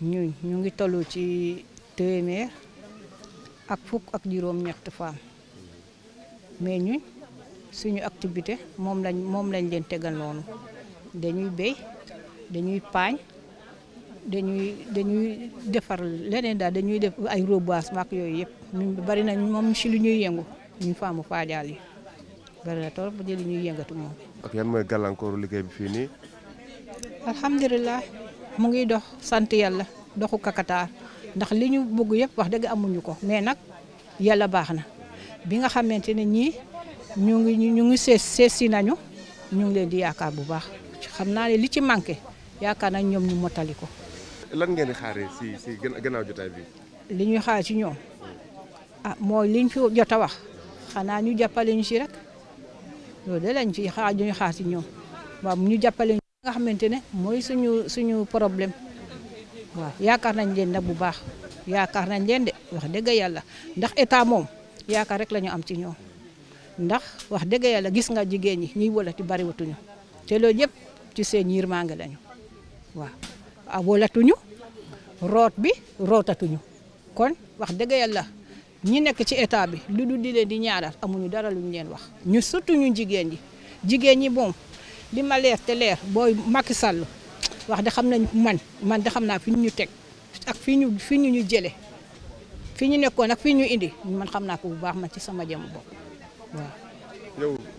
ñu ñu ngi toll ci téeméer ak fukk ak juróom-ñett femmes mais ñun suñu activité moom lañ moom lañ leen tegal noonu dañuy béy dañuy paañ dañuy dañuy defar leneen daal dañuy def ay reboisement ak yooyu yëpp bari nañ moom si lu ñuy yëngu ñu faamu faajaal yi bari na torop ba li ñuy yëngatu moom. ak yan mooy gàllankooru liggéey bi fii nii. alhamdulilah. mu ngi dox sant yàlla doxu kakataar ndax li ñu bëgg yëpp wax dëgg amuñu ko mais nag yàlla baax na bi nga xamante ne ñii ñu ngi ñu ngi sees sees si nañu ñu ngi leen di yaakaar bu baax xam naa ne li ci manqué yaakaar nañ ñoom ñu motali ko. lan ngeen di xaaree si si gannaaw jotaay bi. li ñuy xaar ci ñoom ah mooy liñ fi jot a wax xanaa ñu jàppale ñu si rek loolu de lañ fi xaar ñu si ñoom waaw ñu jàppale. nga xamante ne mooy suñu suñu problème waaw yaakaar nañ leen nag bu baax yaakaar nañ leen de wax dëgg yàlla ndax état moom yaakaar rek lañu am ci ñoom ndax wax dëgg yàlla gis nga jigéen ñi ñuy wolati bariwatuñu te loolu yëpp ci seen yërmande lañu waaw a wolatuñu root bi rootatuñu kon wax dëgg yàlla ñi nekk ci état bi lu du di leen di ñaaral amuñu dara luñ leen wax ñu surtout ñu jigéen ñi jigéen ñi moom li ma leer te leer booy makki Sall wax de xam nañ man man de xam naa fi ñu teg ak fi ñu fi ñu ñu jëlee fi ñu nekkoon ak fi ñu indi man xam naa ko bu baax ma ci sama jëm bopp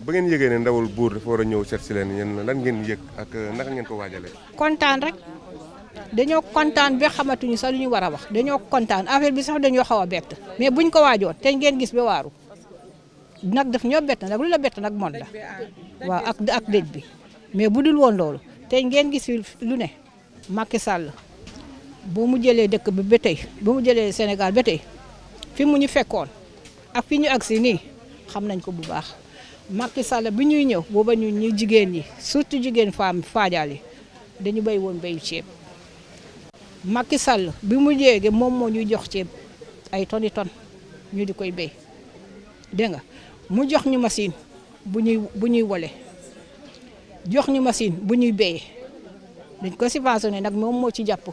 ba ngeen yëgee ne ndawul buur dafa war a ñëw seet si leen yéen lan ngeen yëg ak naka ngeen ko waajalee. kontaan rek dañoo kontaan ba xamatuñu sax lu ñu war a wax dañoo kontaan affaire bi sax dañoo xaw a bett mais buñ ko waajoon te ngeen gis ba waaru nag def ñoo bett nag lu nag mon la ah, waaw ak ak dëj bi. mais bu dul woon loolu tey ngeen gis fi lu ne Macky sàll boo mu jëlee dëkk bi ba tey boo mu jëlee senegal ba tey fi mu ñu fekkoon ak fi ñu agsi nii xam nañ ko bu baax Macky Sall bi ñuy ñëw booba ñu ñu jigéen ñi surtout jigéen femme faajaal dañu bay woon béyu ceeb Macky Sall bi mu jéege moom moo ñuy jox ceeb ay toni ton ñu di koy bay dégg nga mu jox ñu machine bu bu ñuy wole jox ñu machine bu ñuy béyee dañ ko subventionné nag moom moo ci jàpp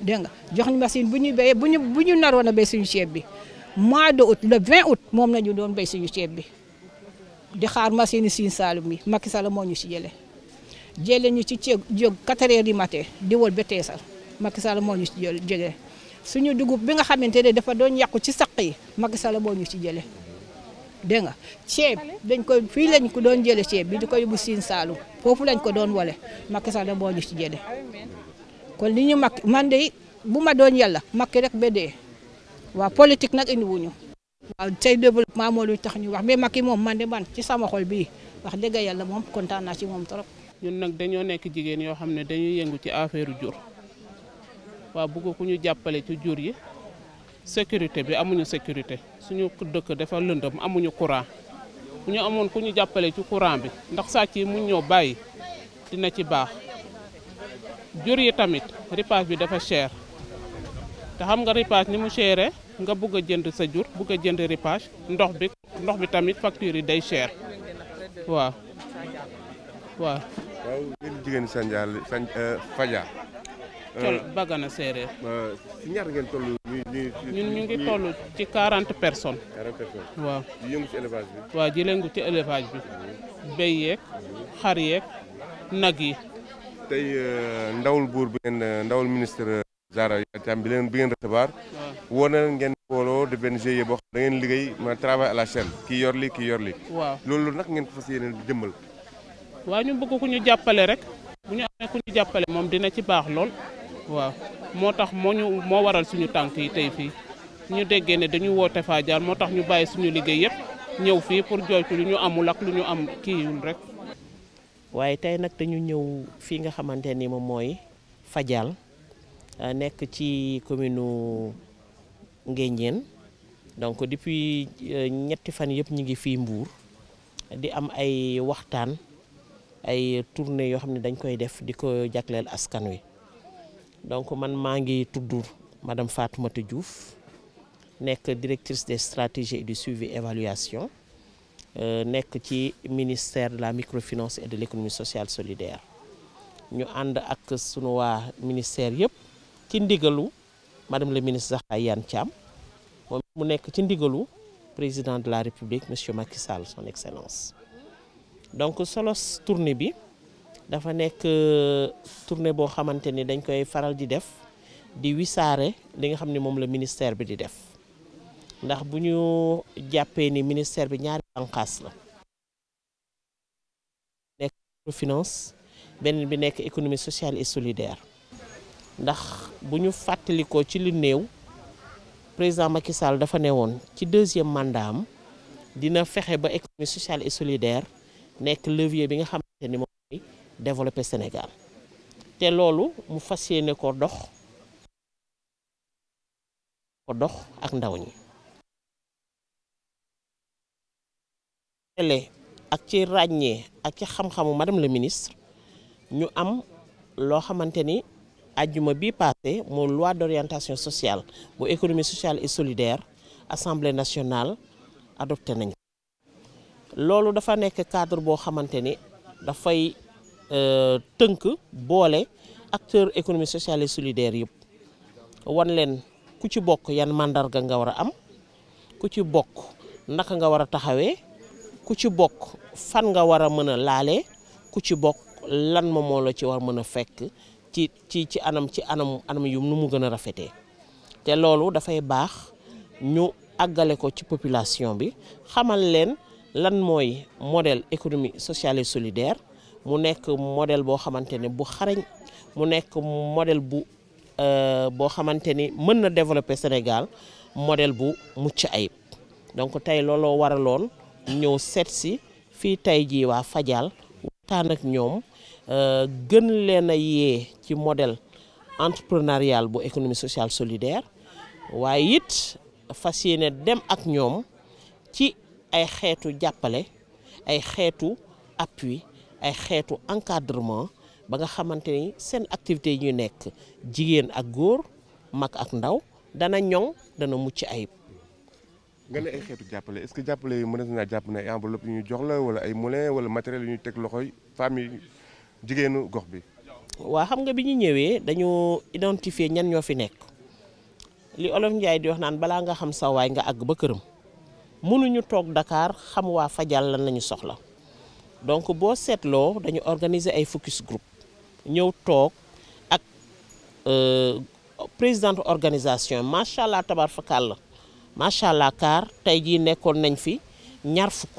dégg nga jox ñu machine bu ñuy béyee bu ñu bu ñu naroon a béy suñu ceeb bi mois de août le 20 août moom na ñu doon béy suñu ceeb bi di xaar machine Sine Saalum yi Macky Sall moo ñu ci jële jëlee ñu ci ceeb jóg 4 heures du matin di wol ba teesal Macky Sall moo ñu ci jëlee suñu dugub bi nga xamante ne dafa doon yàqu ci saq yi Macky Sall moo ñu ci jëlee. dégg nga ceeb dañ ko fii lañ ko doon jële ceeb bi di koy yóbbu Sine Saalum foofu lañ ko doon wale Macky Sall da boo ñu ci jëlee kon li ñu Macky man de bu ma doon yàlla Macky rek ba dee waaw politique nag indi wuñu waaw tey développement moo tax ñu wax mais Macky moom mande de man ci sama xol bi wax dëgg yàlla moom kontaan naa ci moom trop. ñun nag dañoo nekk jigéen yoo xam ne dañuy yëngu ci affaire jur waaw bëgg ku ñu jàppale ci jur yi. sécurité bi amuñu sécurité suñu dëkk dafa lëndëm amuñu courant bu ñu amoon ku ñu jàppale ci courant bi ndax sàcc yi mu ñoo bàyyi dina ci baax jur yi tamit ripaas bi dafa cher te xam nga ripaas ni mu chéré nga bugg a jënd sa jur bugg a jënd ripaas ndox bi ndox bi tamit facture yi day cher waaw waaw. waaw yéen col euh, bagana séeréer. Euh, si ñaar ngeen toll. ci quarante personnes. waa personnes waaw. di ci élevage bi. waaw di yëngu ci élevage bi. Mhm. nag yi. tey euh, ndawul buur bu ngeen ndawul ministre Zahra Iyane bi leen bi ngeen recevoir. waaw woo na ngeen booloo de benn GIE boo xam da liggéey ma travail à la chaîne kii yor li kii yor li. waaw loolu nag ngeen ko fas yéene jëmmal. waaw ñu bëgg ku ñu jàppale rek. bu ñu amee ku ñu jàppale moom dina ci baax lool. waaw moo tax moo ñu moo waral suñu tànk yi tey fii ñu déggee ne dañuy woote Fadial moo tax ñu bàyyi suñu liggéey yëpp ñëw fii pour jooytu lu ñu amul ak lu ñu am kii kiiwul rek. waaye tey nag dañu ñëw fii nga xamante ni moom mooy Fadial ah, nekk ci commune nu Nguéniène donc depuis euh, ñetti fan yëpp ñu ngi fii Mbour di am ay waxtaan ay tournée yoo xam ne dañ koy def di ko jagleel askan wi. donc man maa ngi tudd madame Fatoumata Diouf nekk directrice des stratégies et du suivi évaluation euh, nekk ci ministère de la microfinance et de l'économie sociale solidaire ñu ànd ak sunu waa ministère yëpp ci ndigalu madame le ministre Zahra Iyane Thiam moom mu nekk ci ndigalu président de la république monsieur Macky Sall son excellence donc solos tournée bi. dafa nekk euh, tournée boo xamante ni dañ koy faral di def di wisaare li nga xam ni moom la ministère bi di def ndax bu ñu jàppee ni ministère bi ñaari banqaas la nekk finance benn bi nekk économie sociale et solidaire ndax bu ñu fàttalikoo ci lu néew président Macky Sall dafa ne woon ci deuxième mandat am dina fexe ba économie sociale et solidaire nekk levier bi nga xamante ni moom développer Sénégal te loolu mu fas yéene ko dox dox ak ndaw ñi ak ci ràññee ak ci xam-xamu madame la ministre ñu am loo xamante ni ajjuma bi passé moom loi d'orientation sociale bu économie sociale et solidaire assemblée nationale adopté nañ loolu dafa nekk cadre boo xamante ni dafay Euh, tënk boole acteur économie sociale et solidaire yëpp wan leen ku ci bokk yan màndarga nga war a am ku ci bokk naka nga war a taxawee ku ci bokk fan nga war a mën a laalee ku ci bokk lan ma moo la ci war mën a fekk ci ci ci anam ci anam anam yu nu mu gën a rafetee te loolu dafay baax ñu àggale ko ci population bi xamal leen lan mooy modèle économie sociale et solidaire mu nekk modèle boo xamante ne bu xarañ mu nekk modèle bu euh, boo xamante ni mën na développer Sénégal modèle bu mucc ayib donc tey looloo waraloon ñëw seet si fii tey jii waa Fadial waxtaan ak ñoom euh, gën leen a yee ci modèle entrepreneurial bu économie sociale solidaire waaye it fas yéene dem ak ñoom ci ay xeetu jàppale ay xeetu appui ay xeetu encadrement ba nga xamante ni seen activité yi ñu nekk jigéen ak góor mag ak ndaw dana ñoŋ dana mucc ayib. nga ne ay xeetu jàppale est-ce que jàppale yi mën na jàpp ne ay enveloppe yu ñu jox la wala ay moulin wala matériel yu ñu teg loxoy famille jigéenu gox bi. waa xam nga bi ñu ñëwee dañu identifier ñan ñoo fi nekk li olof Ndiaye di wax naan balaa nga xam sa waay nga àgg ba këram mënuñu toog Dakar xam waa Fajal lan la soxla. donc boo seetloo dañu organiser ay focus group ñëw toog ak euh, présidente organisation macha allah tabar fakal la macha allah kaar tey jii nekkoon nañ fi ñaar fukk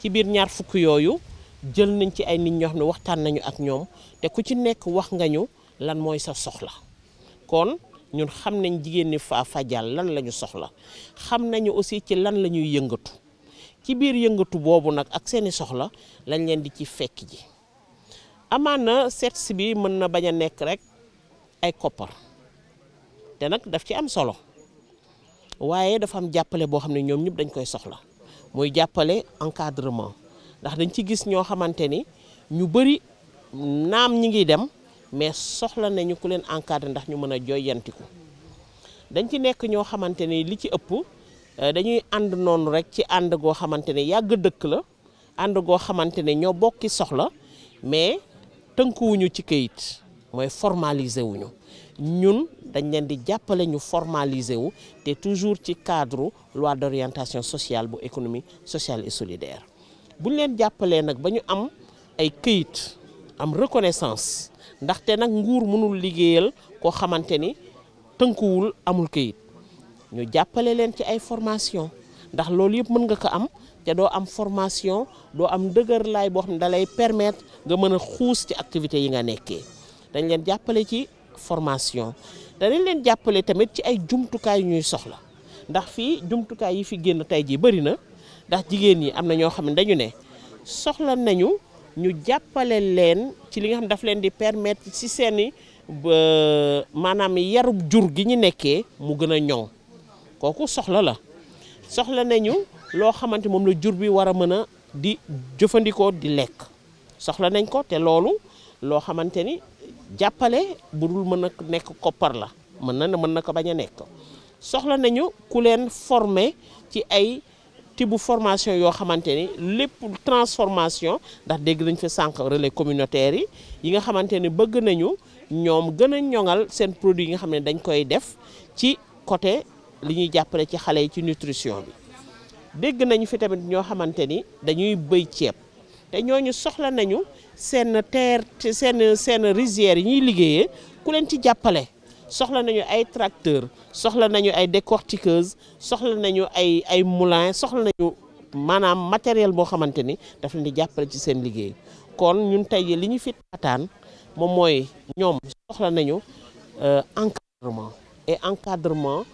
ci biir ñaar fukk yooyu jël nañ ci ay nit ñoo xam ne waxtaan nañu ak ñoom te ku ci nekk wax nga ñu lan mooy sa soxla kon ñun xam nañ jigéen ñi Fafa lan la ñu soxla xam nañu aussi ci lan la ñuy yëngatu. ci biir yëngatu boobu nag ak seeni soxla lañ leen di ci fekk ji amaan na seet bi mën na bañ a nekk rek ay koppar te nag daf ci am solo waaye dafa am jàppale boo xam ne ñoom ñëpp dañ koy soxla muy jàppale encadrement ndax dañ ci gis ñoo xamante ni ñu bëri naam ñi ngi dem mais soxla nañu ku leen encadré ndax ñu mën a jooyantiku dañ ci nekk ñoo xamante ni li ci ëpp Euh, dañuy ànd noonu rek ci ànd goo xamante ne yàgg dëkk la ànd goo xamante ne ñoo bokki soxla mais tënkuwuñu ci këyit mooy formaliser wuñu ñun dañ leen di jàppale ñu formaliser wu te toujours ci cadre loi d'orientation sociale bu économie sociale et solidaire buñ leen jàppalee nag ba ñu am ay këyit am reconnaissance ndaxte nag nguur mënul liggéeyal koo xamante ni tënkuwul amul kayit ñu jàppale leen ci ay formation ndax loolu yëpp mën nga ko am te doo am formation doo am dëgër laay boo xam ne dalay lay permettre nga mën a xuus ci activités yi nga nekkee dañ leen jàppale ci formation danañ leen jàppale tamit ci ay jumtukaay yu ñuy soxla ndax fii jumtukaay yi fi génn tey jii bëri na ndax jigéen ñi am na ñoo xam ne dañu ne soxla nañu ñu jàppale leen ci li nga xam daf leen di permettre ci seeni euh, maanaam yarub jur gi ñu nekkee mu gën a ñoŋ kooku soxla la soxla nañu loo xamante moom la jur bi war a mën a di jëfandikoo di lekk soxla nañ ko te loolu loo xamante ni jàppale bu dul mën a nekk koppar la mën na mën na ko bañ a nekk soxla nañu ku leen former ci ay tibu formation yoo xamante ni lépp transformation ndax dégg nañ fi sànq relais communautaire yi yi nga xamante ni bëgg nañu ñoom gën a ñoŋal seen produit yi nga xam ne dañ koy def ci côté li ñuy jàppale ci xale yi ci nutrition bi dégg nañu fi tamit ñoo xamante ni dañuy bëy ceeb te ñooñu soxla nañu seen terre seen seen rizières yi ñuy liggéeyee ku leen ci jàppale soxla nañu ay tracteur soxla nañu ay décortiqueuse soxla nañu ay ay moulin soxla nañu maanaam matériel boo xamante ni daf leen di jàppale ci seen liggéey kon ñun tey li ñu fi taataan moom mooy ñoom soxla nañu euh, encadrement et encadrement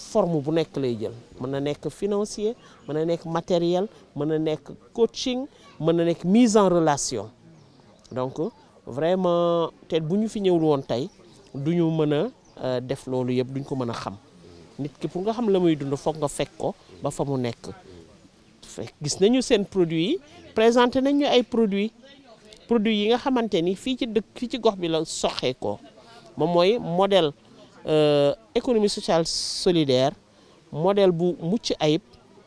forme bu nekk lay jël mën na nekk financier mën na nekk matériel mën a nekk coaching mën na nekk mise en relation donc vraiment te bu ñu fi ñëwul woon tey du ñu mën a euh, def loolu yëpp duñ ko mën a xam nit ki pour nga xam la muy dund foog nga fekk ko ba fa mu nekk fekk gis nañu seen produit yi présenté nañu ay produits produits yi nga xamante ni fii ci dëkk fii ci gox bi la soxee ko moom mooy modèle Euh, économie sociale solidaire modèle bu mucc ayib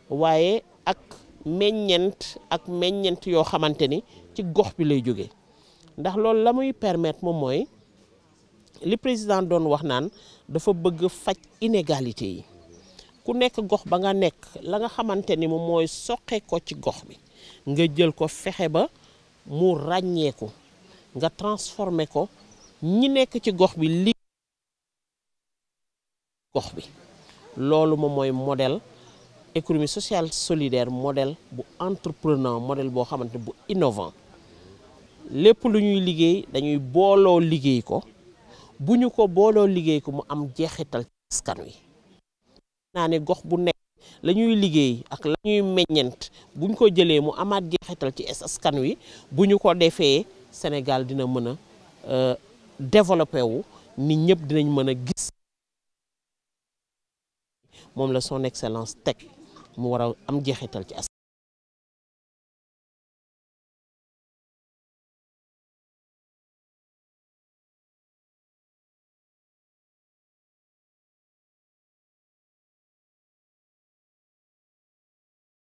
waaye ak meññeent ak meññeent yoo xamante ni ci gox bi lay jóge ndax loolu la muy permettre moom mooy li président doon wax naan dafa bëgg faj inégalité yi ku nekk gox ba nga nekk la nga xamante ni moom mooy soqe ko ci gox bi nga jël ko fexe ba mu ràññeeku nga transformer ko ñi nekk ci gox bi gox bi loolu moom mooy modèle économie sociale solidaire modèle bu entreprenant modèle boo xamante bu innovant lépp lu ñuy liggéey dañuy booloo liggéey ko bu ñu ko booloo liggéey ko mu am jeexital ci askan wi naa ne gox bu nekk la ñuy liggéey ak la ñuy meññent bu ñu ko jëlee mu amaat jeexital ci askan wi bu ñu ko defee Sénégal dina mën a euh, développé wu nit ñëpp dinañ mën a gis moom la son excellence teg mu war a am jeexital ci as